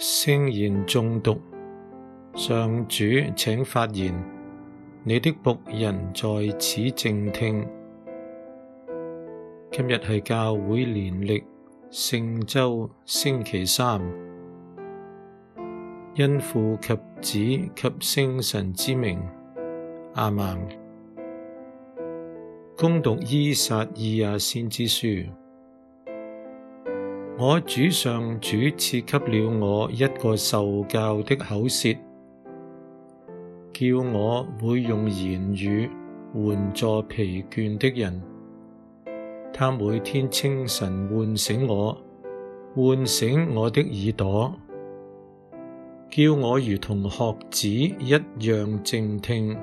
聖言誦讀，上主，請發言，你的僕人在此靜聽。今日係教會年曆聖周星期三，因父及子及聖神之名，阿門。恭讀依撒意亞先知書。我主上主賜給了我一個受教的口舌，叫我會用言語援助疲倦的人。他每天清晨喚醒我，喚醒我的耳朵，叫我如同學子一樣靜聽。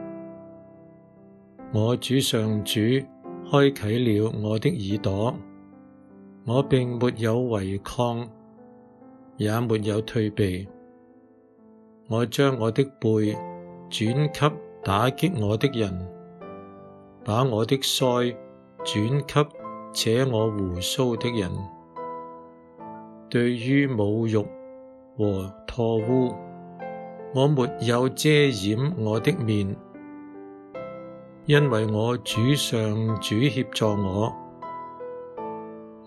我主上主開啟了我的耳朵。我並沒有違抗，也沒有退避。我將我的背轉給打擊我的人，把我的腮轉給扯我鬍鬚的人。對於侮辱和唾污，我沒有遮掩我的面，因為我主上主協助我。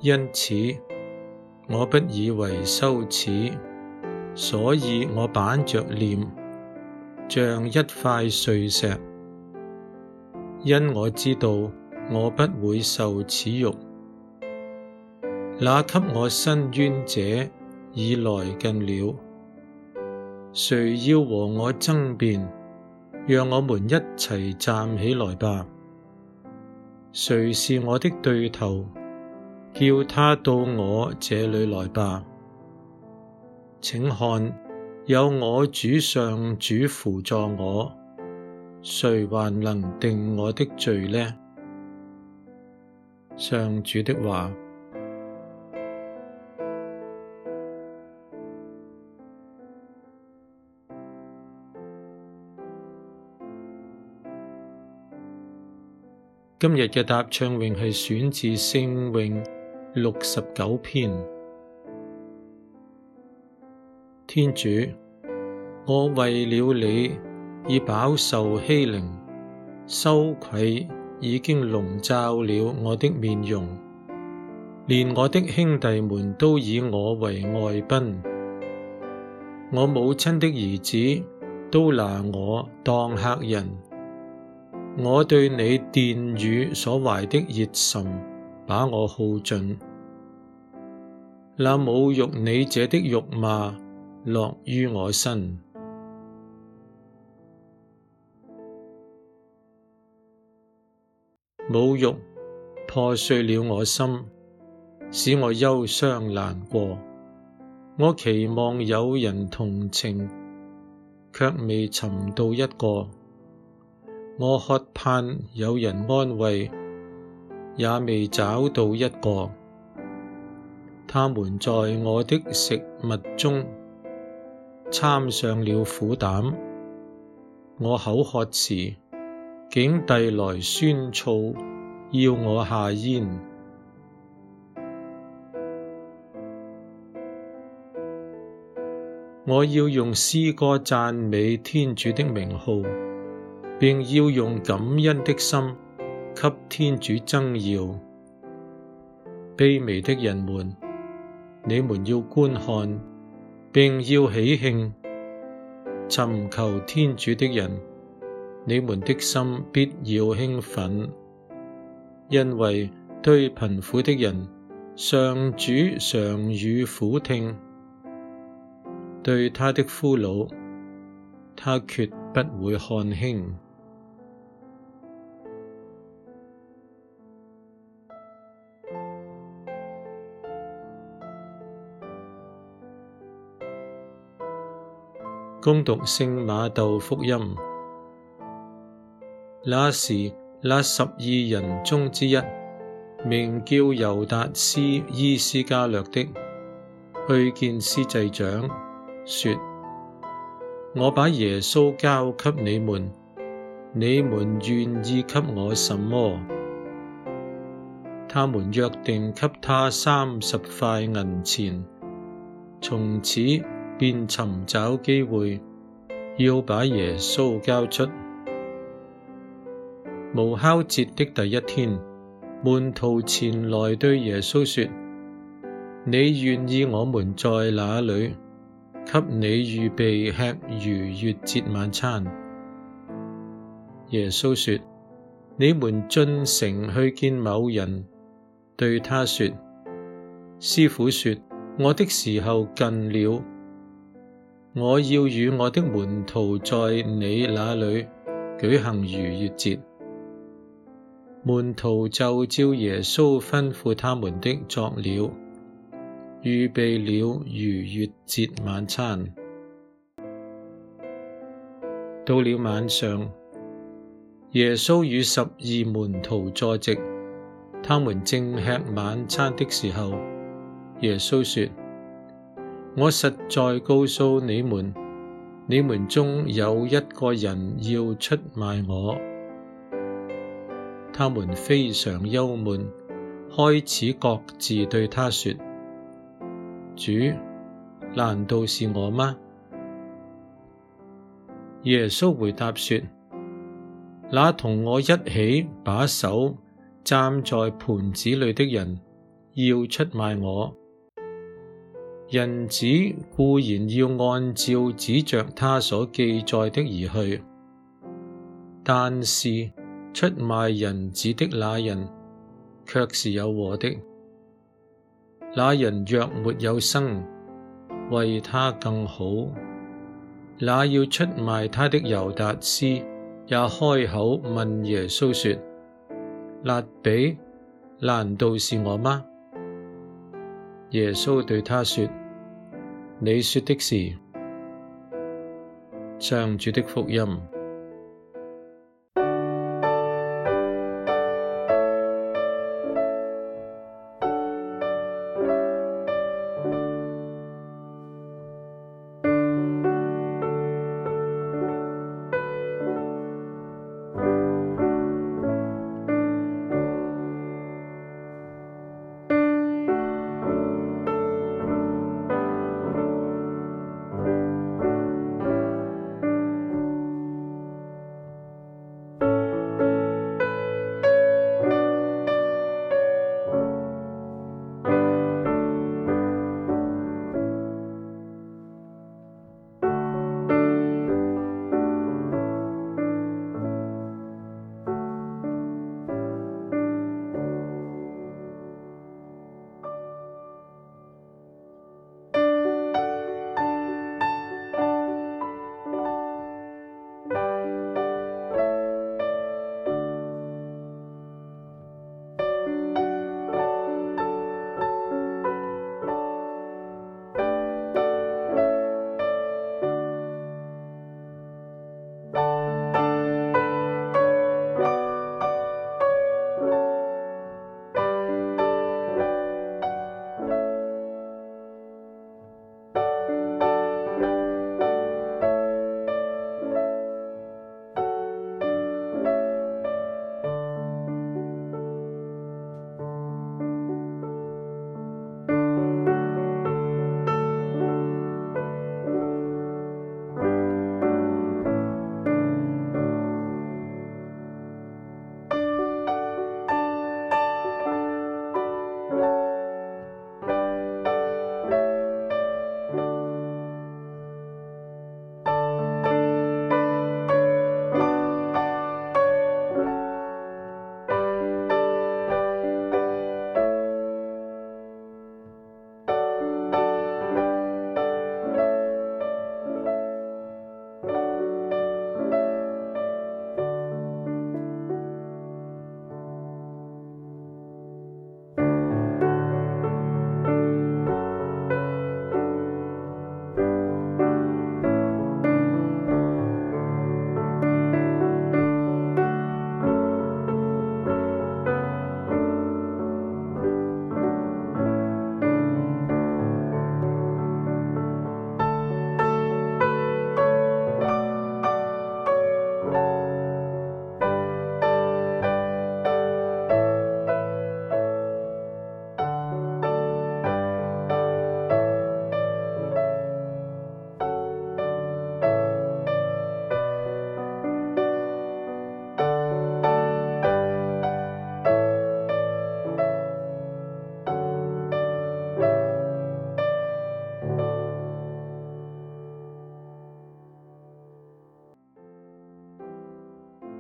因此，我不以為羞恥，所以我板着臉，像一塊燧石。因我知道我不會受恥辱，那給我伸冤者已來近了。誰要和我爭辯？讓我們一齊站起來吧。誰是我的對頭？叫他到我這裏來吧，請看，有我主上主扶助我，誰還能定我的罪呢？上主的話。今日嘅答唱詠係選自聖詠。」六十九篇，天主，我為了你已飽受欺凌、羞愧，已經籠罩了我的面容，連我的兄弟們都以我為外賓，我母親的兒子都拿我當客人，我對你殿宇所懷的熱忱。把我耗盡，那侮辱你者的辱罵落於我身。侮辱破碎了我心，使我憂傷難過。我期望有人同情，却未尋到一個。我渴盼有人安慰。也未找到一個。他們在我的食物中摻上了苦膽，我口渴時竟遞來酸醋，要我下嚥。我要用詩歌讚美天主的名號，並要用感恩的心。給天主增耀，卑微的人們，你們要觀看，並要喜慶；尋求天主的人，你們的心必要興奮，因為對貧苦的人，上主常予俯聽；對他的俘虜，他決不會看輕。恭讀聖瑪竇福音，那時，那十二人中之一，名叫猶達斯依斯加略的，去見司祭長，說：我把耶穌交給你們，你們願意給我什麼？他們約定給他三十塊銀錢，從此。便尋找機會，要把耶穌交出。無酵節的第一天，門徒前來對耶穌說：你願意我們在那裏，給你預備吃逾越節晚餐？耶穌說：你們進城去見某人，對他說：師傅說，我的時候近了。我要與我的門徒在你那裏舉行逾越節。門徒就照耶穌吩咐他們的作了，預備了逾越節晚餐。到了晚上，耶穌與十二門徒坐席，他們正吃晚餐的時候，耶穌說：我實在告訴你們，你們中有一個人要出賣我。他們非常憂悶，開始各自對他說：主，難道是我嗎？耶穌回答說：那同我一起把手蘸在盤子裏的人要出賣我。人子固然要按照指着他所記載的而去，但是出賣人子的那人卻是有禍的。那人若沒有生，為他更好。那要出賣他的猶達斯也開口問耶穌說：辣彼，難道是我嗎？耶穌對他說：「你說的是。」—上主的福音。